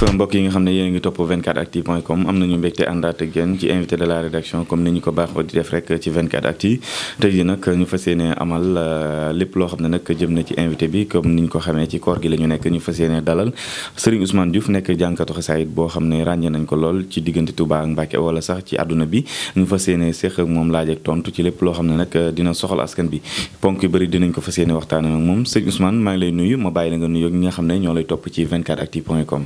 mbokk yi nga xam ne yéen a ngi topp 24actu point com am nañu mbégte àndaat ak yéen ci invité de la rédaction comme ni ñu ko baaxoo di def rek ci 24actu tey jii nag ñu fas yéene amal euh, lépp loo xam ne nag jëm na ci invité bi comme ni ñu ko xamee ci koor gi la ñu nekk ñu fa yéene dalal Serigne Ousmane Diouf nekk jànkatu xasaayit boo xam ne ràññee nañ ko lool ci diggante Touba ak Mbacke wala sax ci àdduna bi ñu fas yéene séq moom laaj tontu ci lépp loo xam ne nag dina soxal askan bi ponk yu bëri dinañ ko fas yéene waxtaane ak moom Serigne Ousmane maa ngi lay nuyu ma bàyyi la nga nuyu ñi nga xam ne ñoo lay topp ci 24actu point com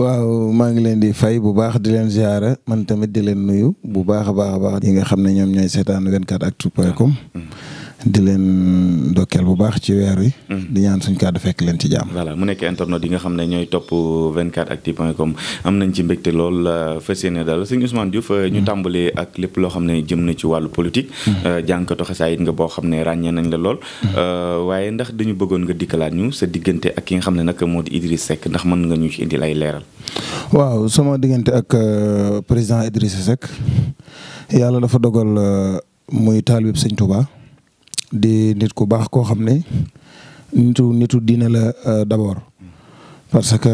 waaw maa ngi leen di fay bu baax di leen ziara man tamit di leen nuyu bu baax a baax a baax ñi nga xam ne ñoom ñooy seetaan 24actu point com mm-hmm. di leen ndokkeel bu baax ci weer wi. Mm-hmm. di ñaan suñ kàddu fekk leen ci jàmm. voilà mu nekk internet yi nga xam ne ñooy topp 24actu point com am nañ ci te lool euh, fas yéene daal sëñ Ousmane Diouf. Euh, ñu mm-hmm. tàmbalee ak lépp loo xam ne jëm na ci wàllu politique. Mm-hmm. Euh, saa yit nga boo xam ne ràññee nañ la lool. waaye ndax dañu bëggoon nga dikkalaat ñu sa diggante ak ki nga xam ne nag moo di Idriss sekk ndax mën nga ñu ci indi lay leeral. waaw sama diggante ak président Idriss Seck yàlla dafa dogal muy taalib sëñ Touba. di nit ku baax koo xam ne nitu nitu diine la euh, d'abord parce que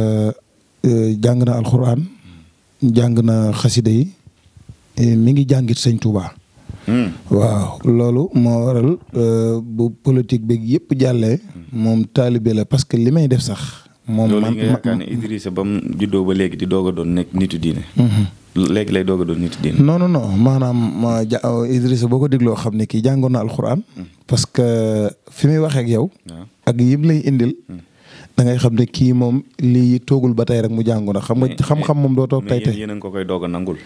euh, jàng na alxuraan jàng na xaside yi mi ngi jàngit sëñ Touba. Hmm. waaw loolu moo waral euh, bu politique beeg yëpp jàllee. moom taalibe la parce que li may def sax. moom man nga yaakaar ne Idrissa ba mu juddoo ba léegi di doog doon nekk nitu diine. Mhm. léegi lay doog doon nitu diine. non non non maanaam ja Idrissa boo ko dégloo xam ne kii jàngoon na alxuraan. Mhm. parce que fi muy waxee ak yow. ak yim lay indil. Mhm. da ngay xam ne kii moom lii toogul ba tey rek mu jàngoon xam nga xam-xam moom doo toog tey tey. yéen doog a nangul.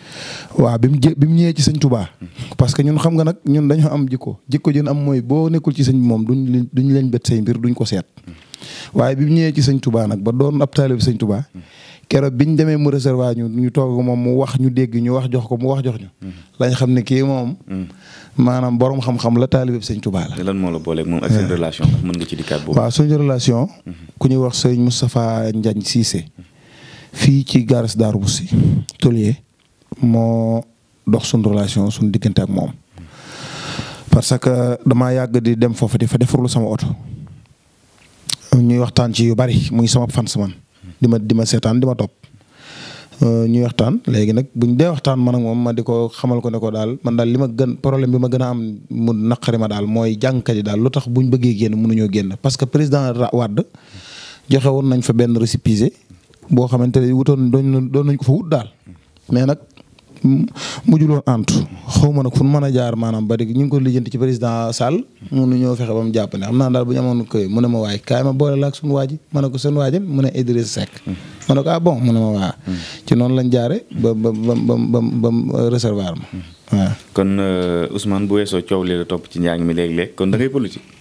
bi mu jë bi mu ñëwee ci sëñ Touba. parce que ñun xam nga nag ñun dañoo am jikko jikko jën am mooy boo nekkul ci sëñ moom duñ duñ leen bët say mbir duñ ko seet. waaye bi mu ñëwee ci sëñ Touba nag ba doon ab taalibe sëñ Touba bi ñu demee mu réservé ñu ñu toog moom mu wax ñu dégg ñu wax jox ko mu wax jox ñu. Mm-hmm. lañ xam ne kii moom. Mm-hmm. maanaam borom xam la taalibe sëñ moo la booleeg moom relation ndax mën nga ci dikkaat boobu. waaw suñu relation. Mm-hmm. ku ñuy wax sëñ Moustapha Ndiagne Cissé. fii ci garas Darou Moussi. Tolier moo dox suñu relation suñ diggante ak moom. parce que damaa yàgg di dem foofu def fa defarlu sama oto. ñuy waxtaan ci yu bari muy sama fans man di ma di ma seetaan di ma topp euh, ñuy waxtaan léegi nag buñ dee waxtaan man ak moom ma di ko xamal ko ne ko daal man daal li ma gën problème bi ma gën a am mu naqari ma daal mooy jàngkat yi daal lu tax buñ bëggee génn mun mënuñoo génn parce que président Wade joxe woon nañ fa benn récépissé boo xamante ne wutoon doon doon nañ ko fa wut daal mais nag mu mujjuloon ant xaw ma nag fu nu mën a jaar maanaam ba dégg ñu ngi ko lijjanti ci président Sall munu ñëw fexe ba mu jàpp ne xam naa daal bu ñu amoon koy mu ne ma waay kaay ma boole la ak suñu waaji ma ne ko seen waajan mu ne Idrissa Seck ma ne ko ah bon mu ne ma waa ci noonu lañ jaare ba ba ba ba ba réservoir ma waaw kon euh, Ousmane bu weesoo coow li la topp ci njàng mi léeg-léeg kon da ngay politique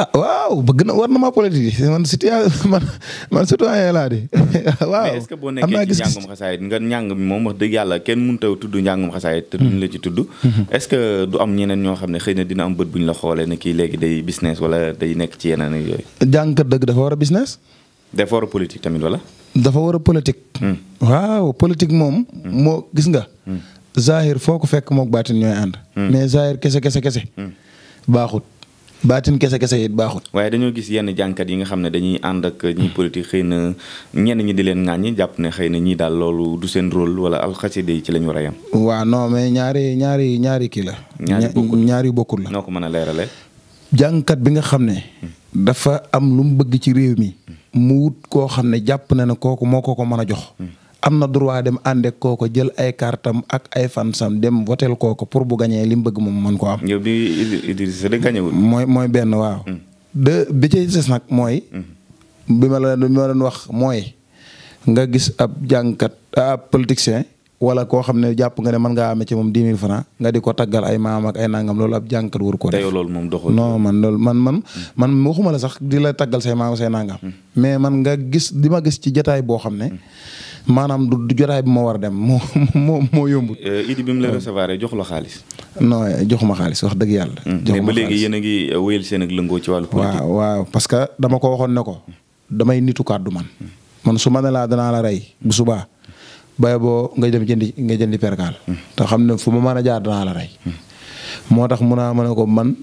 ah waaw bëgg na war na maa politique man situation man man citoyen laa di waaw. mais est-ce que boo nekkee ci njàngum xasaayit nga njàng mi moom wax dëgg yàlla kenn mënut a tudd njàngum xasaayit te duñ mm-hmm. la ci tudd. Mm-hmm. est-ce du am ñeneen ñoo xam ne xëy na dina am bët bu ñu la xoolee ne kii léegi day business wala day nekk ci yeneen ak yooyu. jàngkat dëgg dafa war a business. dafa war a politique tamit wala. dafa war a politique. Mm. waaw politique moom. Mm. moo gis nga. Mm. zahir foo ko fekk mook baatin ñooy ànd. mais zahir kese kese kese. baaxut. baatin kese kese it baaxul. waaye dañoo gis yenn jànkat yi nga xam ne dañuy ànd ak ñiy politique xëy na ñenn ñi di leen ŋàññi jàpp ne xëy na ñii daal loolu du seen rôle wala alxaside yi ci la ñu war a yem. waaw non mais ñaari ñaari ñaari kii la. ñaari bokkul ñaari bokkul la. noo ko mën a leeralee. jànkat bi nga xam ne. dafa am lu mu bëgg ci réew mi. Hmm. mu wut koo xam ne jàpp na ne kooku moo ko ko mën a jox. Hmm. am na droit dem ànd ak kooko jël ay kartam ak ay fansam dem votel kooko pour bu gañee li mu bëgg moom man ko am. yow bi mooy mooy benn waaw. Hmm. de bi ci des nag mooy. Hmm. ma la bi ma doon wax mooy nga gis ab jàngkat ab politicien. wala koo xam ne jàpp nga ne mën ngaa amee ci moom dix mille francs nga di ko taggal ay maam ak ay nangam loolu ab jàngkat war ko def loolu moom doxul non man loolu man man hmm. man waxuma la sax di la taggal say maam say nangam mais man nga gis di ma gis ci jataay boo xam ne maanaam du jotaay bi ma war a dem moo moo moo yombut. Euh, Idi it mu la recevoir jox la xaalis. non jox ma xaalis wax dëgg yàlla. Hmm, jox ma xaalis yéen a ngi wéyal seen ak lëngoo ci wàllu. politique waaw waaw parce que dama ko waxoon ne ko. damay nitu kàddu man. man su ma ne laa danaa la rey bu subaa boo nga dem jëndi nga jëndi perkaal. te xam ne fu ma mën a jaar danaa la rey. moo tax mun naa mën ko man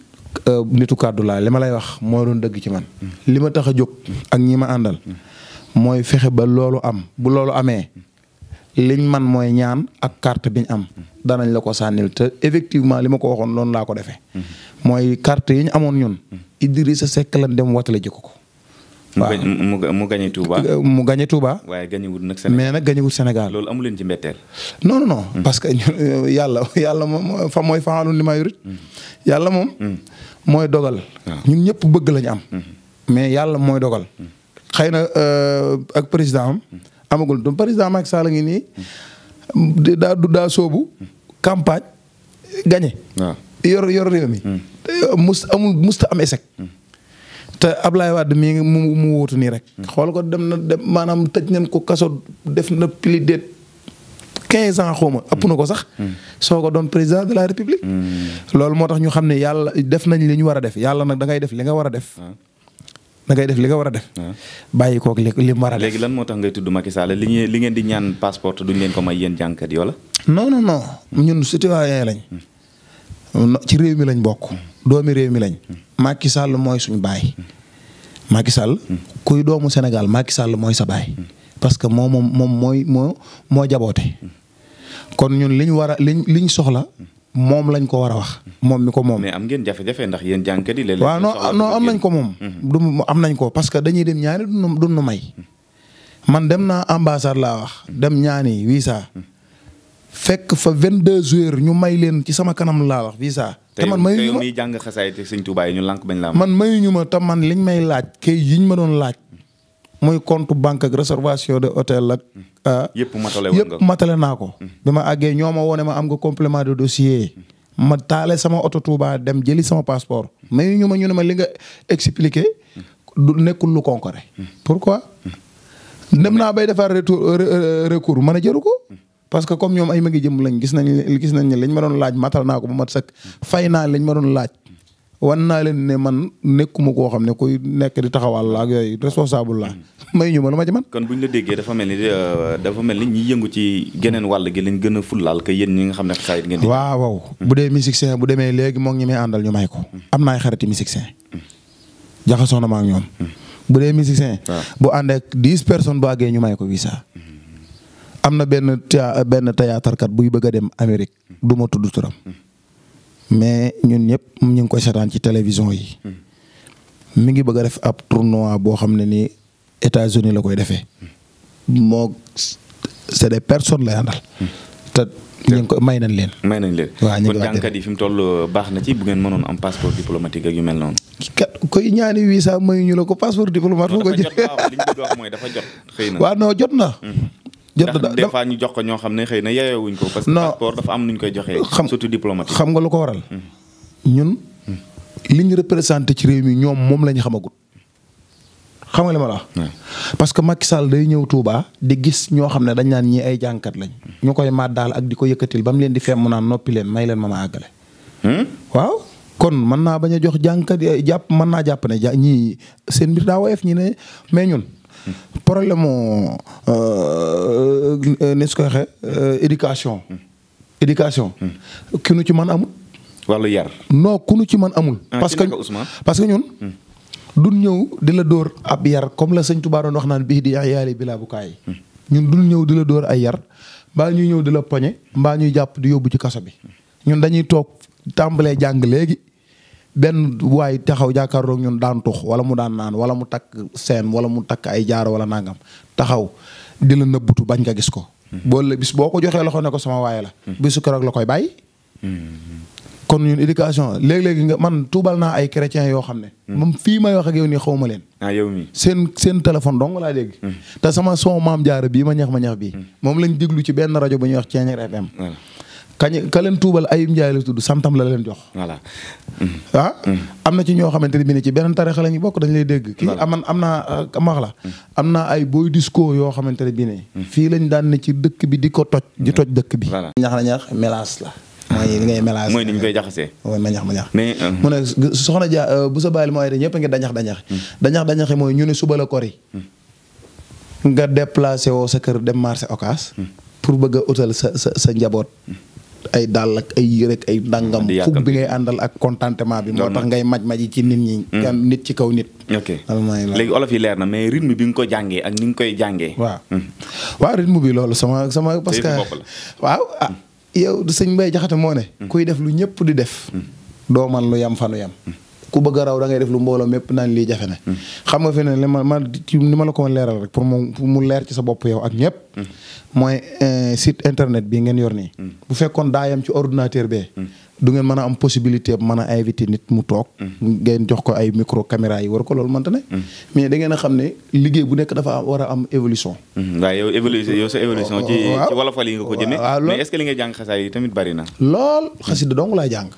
euh, nitu kàddu laa li ma lay wax moo doon dëgg ci man. li ma tax a jóg ak ñi ma àndal. mooy fexe ba loolu am bu loolu amee liñ man mooy ñaan ak carte biñ am danañ la ko sànnil te effectivement li ma ko waxoon noonu laa ko defee. mooy carte yi ñu amoon ñun. Idrissa Seck lan dem watale jikko ko. waaw mu mu gañe Touba. mu gañe Touba. waaye gañewul nag Sénégal mais nag gañewul Sénégal. loolu amu leen ci mbetteel. non non hmm. parce que euh, yàlla yàlla moom mooy faalu li ma yurit hmm. yàlla moom. Hmm. mooy dogal. ñun ñëpp bëgg lañ am. mais yàlla mooy dogal. xëy na euh, ak président am amagul du président Macky Sall ngi nii daa du daa soobu campagne gagné. Ah. yor yor réew mi. mus amul musta am échec. te Ablaye Wade mii mu mu wóotu nii rek. xool ko dem na dem maanaam tëj nañ ko kaso def na plus de quinze ans xaw ma ëpp na ko sax. soo ko doon président de la république. Hmm. loolu moo tax ñu xam ne yàlla def nañ li ñu war a def yàlla nag da ngay def li nga war a def. Ah. da def li nga war a def. Ah. bàyyi kook li li mu war a def. léegi lan moo tax ngay tudd Macky Sall li ngeen li ngeen di ñaan passeport duñ leen ko may yéen jànkat yi wala. non non non hmm. ñun citoyen lañ. ci réew mi lañ bokk. Hmm. doomi réew mi lañ. Hmm. Macky Sall mooy suñu baay. Macky Sall. kuy doomu Sénégal Macky Sall mooy sa baay. parce que moom moom moom mooy moo moo jaboote. kon ñun li ñu war a liñ soxla moom lañ ko war a wax. moom mi ko moom. mais am ngeen jafe-jafe ndax yéen jànkat yi. waaw non no am nañ ko moom. Mhm. du am nañ ko parce que dañuy dem ñaani du nu may. man dem naa ambassade laa wax. Mhm. dem ñaani visa. Mhm. fekk fa 22 joueurs ñu may leen ci sama kanam laa wax visa. te man mayuñu ma te yow miy jàng xasaay te sëñ ñu lànk bañ laa man mayuñu ma te man liñ may laaj kay yiñ ma doon laaj. muy compte banque ak réservation de hôtel ak. Hmm. Ah, yëpp matale woon yëpp matale naa ko. Hmm. bi ma àggee ñoo ma woone ma am nga complément de dossier. Hmm. ma taale sama oto Touba dem jëli sama passeport. mais ñu ma ñu ne ma li nga expliqué. du nekkul lu pour pourquoi. dem naa bay defar retour recours mën a jëru ko. parce que comme ñoom ay magi jëm lañ gis nañ gis nañ lañ ma doon laaj matal naa ko ba mat sëkk. fay naa lañ ma doon laaj. wan naa leen ne man nekkuma koo xam ne kuy nekk di taxawal la ak yooyu responsable la may ñu ma lu ma ci man kon bu ñu la déggee dafa mel ni euh, dafa mel ni ñi yëngu ci geneen wàll gi lañ gën a fullaal que yéen ñi nga xam ne xasaayit ngeen di waaw waaw hmm. bu dee musicien bu demee léegi moom ñi may àndal ñu may ko hmm. am naay xariti musicien hmm. jaxasoo na ma ñoom bu dee musicien ah. bu àndeek ak dix personnes bu àggee ñu may ko visa am na benn benn théâtre kat buy bëgg a dem Amérique du ma tudd turam mais ñun ñëpp ñu ngi koy seetaan ci télévision yi. mi ngi bëgg a def ab tournoi boo xam ne ni États-Unis la koy defee. moo c'est des personnes lay àndal. te ñu ngi ko may nañ leen. may nañ toll baax na ci bu ngeen mënoon am passeport diplomatique ak yu mel noonu. kat koy ñaani visa mayu la ko passeport diplomatique. ko dafa jot waaw li mooy dafa jot. xëy na waaw non jot na. Mm-hmm. jot des fois ñu jox ko ñoo xam ne xëy na yeewuñ ko. parce que passeport dafa am nu ñu koy joxee. surtout diplomatique xam nga lu ko waral. Hmm. ñun hmm. li ñu représenté ci réew mi ñoom moom la ñu xamagut. xam nga li ma la parce que Macky Sall day ñëw tuubaa di gis ñoo xam ne dañ naan ñii ay jànkat lañ. ñu koy maat daal ak di ko yëkkatil ba mu leen di feem mu naan noppi leen may leen ma ma àggale. Hmm? waaw kon mën naa bañ a jox jànkat jàpp mën naa jàpp ne ja ñii seen mbir daa woyof ñi ne mais ñun. problème mu euh, euh, ni su ko waxee euh, éducation. éducation. ki ci mën amul. wàllu yar. non ku nu ci mën amul. Ah, parce que parce que ñun. Hmm. dun ñëw di la dóor ab yar comme la sëñ Tuubaa doon wax naan bii di yaali bilaa bu kaay. Hmm. ñun duñ ñëw di la dóor ay yar mbaa ñuy ñëw di la poñe mbaa ñuy jàpp di yóbbu ci kaso bi ñun dañuy toog tàmbalee jàng léegi. benn waay taxaw jàkkaarloog ñun daan tux wala mu daan naan wala mu takk seen wala mu takk ay jaaro wala nangam taxaw di la nëbbutu bañ nga gis ko. boo la bis boo ko joxee loxo ne ko sama waaye la. bisu keroog la koy bàyyi. kon ñun éducation léeg-léegi nga man tuubal naa ay chrétiens yoo xam ne. Hmm. moom fii may wax ak yow nii xaw ma leen. Ah, yow mii seen seen téléphone dong laa dégg. Hmm. te sama son maam jaaro bii ma ñax ma ñax bii. Hmm. moom lañ déglu ci benn rajo bu ñuy wax Ceeñeer kañ ka leen tuubal ayib Ndiaye la tudd santam la leen jox. voilà. ah. am na ci ñoo xamante ne bi ci beneen tarixa la ñu bokk dañu lay dégg. kii aman am naa wax la. am naa ay boy disco yoo xamante ne bi ne. Hmm. fii lañ daan ne ci dëkk bi di ko toj. di toj dëkk bi. ñax na ñax mélange la. mooy li ngay mélange mooy ni ñu koy jaxasee. mooy ma ñax ma ñax. mais euh. mu ne soxna Dia euh, bu sa baal mooy de ñëpp a ngi dañax dañax. Hmm. dañax dañax mooy ñu ne suba la kori. Hmm. nga déplacé woo sa kër dem marché Ocass. pour bëgg a sa sa sa njaboot ay dàll ak ay yére ak ay ndàngam fukk bi ngay àndal ak contentement bi moo tax ngay maj maji ci nit ñi mm. nit ci kaw nit ok léegi olof yi leer na mais rythme bi nga ko jàngee ak ni koy jàngee waaw mm. waaw rythme bi loolu sama sama parce que waaw ah mm. yow sëñ Mbaye Jaxate moo ne kuy def lu ñëpp di def doo man lu yam fa nu yam ku bëgg raw da ngay def lu mbooloo mépp naan lii jafe na. Hmm. xam nga fi ne li ma ma ni ma la ko mën leeral rek pour mu leer ci sa bopp yow ak ñëpp. Hmm. mooy eh, site internet bi ngeen yor nii. Hmm. bu fekkoon daa yam ci ordinateur bee. du ngeen mën a am possibilité man a invité nit mu toog. ngeen jox ko ay micro camera yi war ko loolu mënta ne. mais da ngeen a xam ne liggéey bu nekk dafa war a am évolution. waaw yow yow sa évolution. Oh, ci oh, oh, ci wolofal yi nga ko jëmee. mais est li nga jàng xasaay yi tamit bari na. lool xasida dong laay jàng.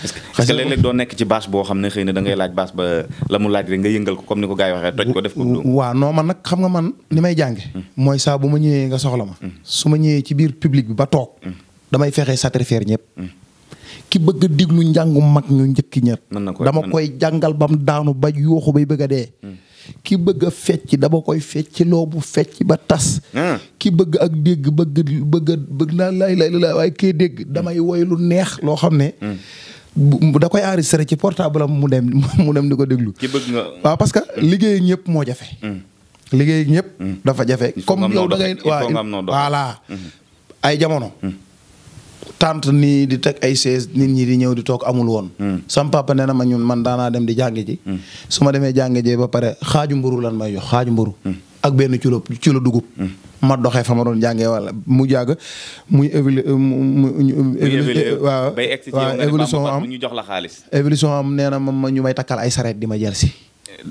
parce que léeg-léeg doo nekk ci bâche boo xam ne xëy na da ngay laaj bâche ba la mu laaj rek nga yëngal ko comme ni ko gars yi waxee toj ko def ko waaw non man nag xam nga man ni may jànge hmm. mooy saa bu ma ñëwee nga soxla ma hmm. su ma ñëwee ci biir public bi ba toog hmm. damay fexe satisfaire ñëpp ki bëgg diglu njàngu mag ñu njëkk ña dama koy jàngal bam daanu ba yuuxu bay bëgg a dee ki bëgg a fecc dama koy fecc loo bu fecc ba tas. ki bëgg ak dégg bëgg bëgg bëgg naa lay lay lay waaye kee dégg damay woy lu neex loo xam ne. da koy enregistré ci portable am mu dem mu dem di ko déglu. ci bëgg waaw parce que liggéey ak ñëpp moo jafe. Mm. liggéey ak ñëpp. Mm. dafa jafe comme yow da ngay waaw voilà mm-hmm. ay jamono. Mm. tant nii di teg ay chaise nit ñi di ñëw di toog amul woon. sam papa nee na ma ñun man daanaa dem di jàngi ji. su ma demee jàngi ji ba pare xaaju mburu lan may jox xaaju mburu ak benn kilo kilo dugub. Hmm. ma doxee fa ma doon jàngee wala mu jàgg muy évolu euh, mu euh, waaw waaw évolution am ñu jox la xaalis. évolution nee na ma ñu may takkal ay sareet di ma jël si.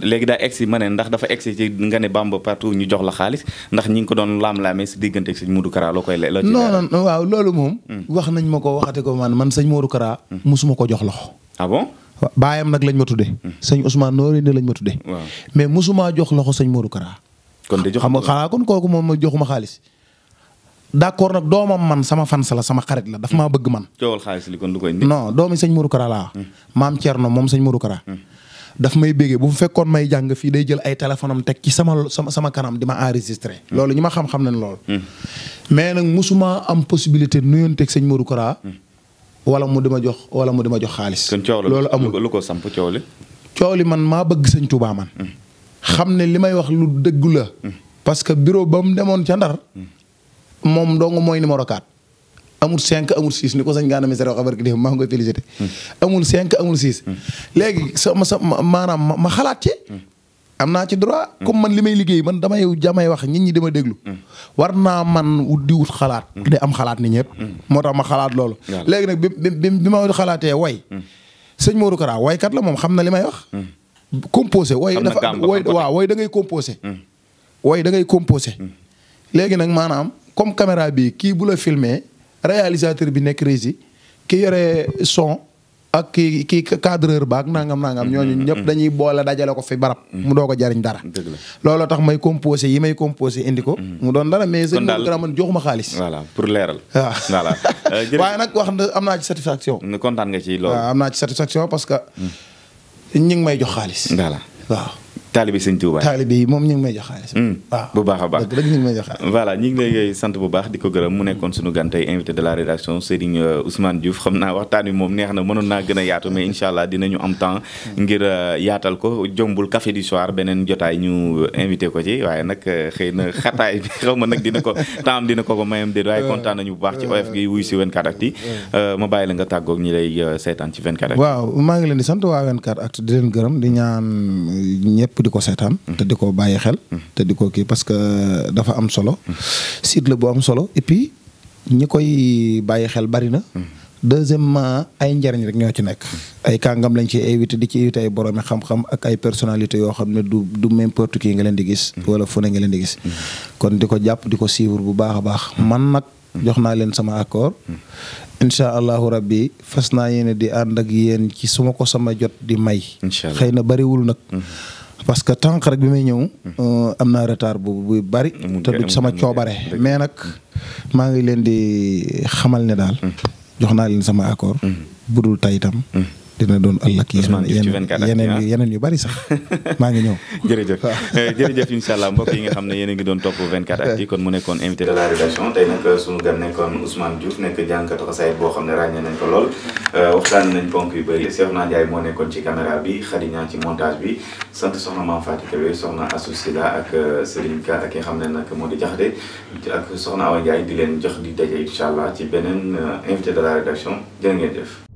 léegi daa egsi ma ne ndax dafa egsi ci nga ne Bamba partout ñu jox la xaalis ndax ñi ngi ko doon laam-laamee si diggante sëñ Modou Kara loo koy loo ci non non waaw loolu moom hmm. wax nañ ma ko waxate ko man man sëñ Modou Kara mosuma hmm. ko jox loxo ah baayam nag lañ ma tudde sëñ Ousmane Nooré ne lañ ma tudde mais mosuma jox loxo sëñ Modou Kara kon de jox xam nga xanaa kon kooku moom ma joxuma xaalis d'accord nag doomam man sama fans la sama xarit la daf maa bëgg man. coowal xaalis kon lu koy indi. non doomi sëñ Modou Kara laa. Hmm. maam Thierno moom sañ Modou Kara. Hmm. daf may béggee bu fekkoon may jàng fii day jël ay téléphone am teg ci sama sama sama kanam di ma enregistré. Hmm. loolu ñi ma xam-xam nañ loolu. mais nag musuma am possibilité nuyonteeg sëñ Modou Kara. wala mu di ma jox wala mu di jox xaalis. loolu amul kon coow la lu ko samp coow li. man maa bëgg sañ Touba man. xam ne li may wax lu dëgg la. Hmm. parce que bureau ba mu demoon ca ndar. Hmm. moom dong mooy numéro 4. amul 5 amul 6 ni ko sañ Gana Messere wax abar ki def maa hmm. amul 5 amul 6. léegi sama sa maanaam ma xalaat ci. am naa ci droit. comme man li may liggéey man damay jamay wax nit ñi dama déglu. war naa man wut di wut xalaat. di am xalaat ni ñëpp. moo tax ma xalaat loolu. léegi nag bi bi bi xalaatee way. sëñ Modou Kara waykat la moom xam na li may wax. composé wooy dafa wooy waaw wooy da ngay composé hmm. wooy da ngay composé hmm. léegi nag maanaam comme caméra bi kii bu la filmé réalisateur bi nekk régie ki yore son ak ki kii cadreur baak nangam nangam hmm. ñooñu ñëpp dañuy boole dajale ko fi barab mu doo ko jariñ dara looloo tax may composé yi may composé indi ko mu doon dara mais sëñ Modou Kara man joxuma xaalis voilà pour leeral waaw ah. voilà euh, waaye nag wax na am naa ci satisfaction kontaan nga ci loolu waaw ah, am naa ci satisfaction parce que ñu ngi may jox xaalis. voilà waaw. taalibi sëñ Tuuba taalibi yi moom ñu ngi may jox xaalis hmm. bu baax a baax dëgg ñu ngi may jox xaalis voilà ñu ngi lay sant bu baax di ko gërëm mu nekkoon suñu gan tey invité de la rédaction euh, xam naa waxtaan wi moom neex na mënoon naa gën a yaatu mais incha allah dinañu am temps hmm. euh, yaatal ko jombul café du soir beneen jotaay ñu euh, invité ko ci waaye nag xëy na xataay bi xaw ma nag dina ko temps dina ko ko mayam déet waaye kontaan nañu bu baax ci of gi wuy si 24 actu ma bàyyi ñi lay seetaan ci 24 actu waaw maa ngi leen di sant waa 24 actu di leen gërëm di ñaan ñëpp ñëpp di ko seetaan. Mm-hmm. te di ko bàyyi xel. Mm-hmm. te di ko kii parce que dafa am solo. Mm-hmm. site la bu am solo et puis ñi koy bàyyi xel bari na. deuxièmement ay njariñ rek ñoo ci nekk. ay kàngam lañ ci invité di ci invité ay boroomi xam-xam ak ay personalité yoo xam ne du du n'importe qui nga leen di gis. wala fu ne nga leen di gis. kon di ko jàpp di ko suivre bu baax a baax. man nag jox naa leen sama accord. incha allahu rabbi fas naa yéene di ànd ak yéen ci suma ko sama jot di may. parce que tànk rek bi may ñëw. Euh, am naa retard bu bu bari. sama coobare. mais nag maa ngi leen di xamal ne daal. Mm-hmm. jox naa leen sama accord. Mm-hmm. budul tay itam. Mm-hmm. dina doon ëllëg yeneen yeneen yeneen yu bari sax maa ngi ñëw jërëjëf eh, jërëjëf incha allah mbokk yi nga xam ne yéen a ngi doon topp 24 actu kon mu nekkoon invité de la rédaction tey nag euh, suñu nekkoon Ousmane Diouf nekk jànkatu xasaayit boo xam ne ràññee nañ ko lool euh, waxtaan nañ ponk yu bëri Cheikhouna Ndiaye moo nekkoon ci caméra bi Khady Niang ci montage bi sant soxna Mame Fatou Kébé soxna Assou ak euh, Serigne Ka ak xam ne nag moo di jax jaxde ak soxna Awa Ndiaye di leen jox di daje incha allah ci beneen invité de la rédaction jërë ngeen jëf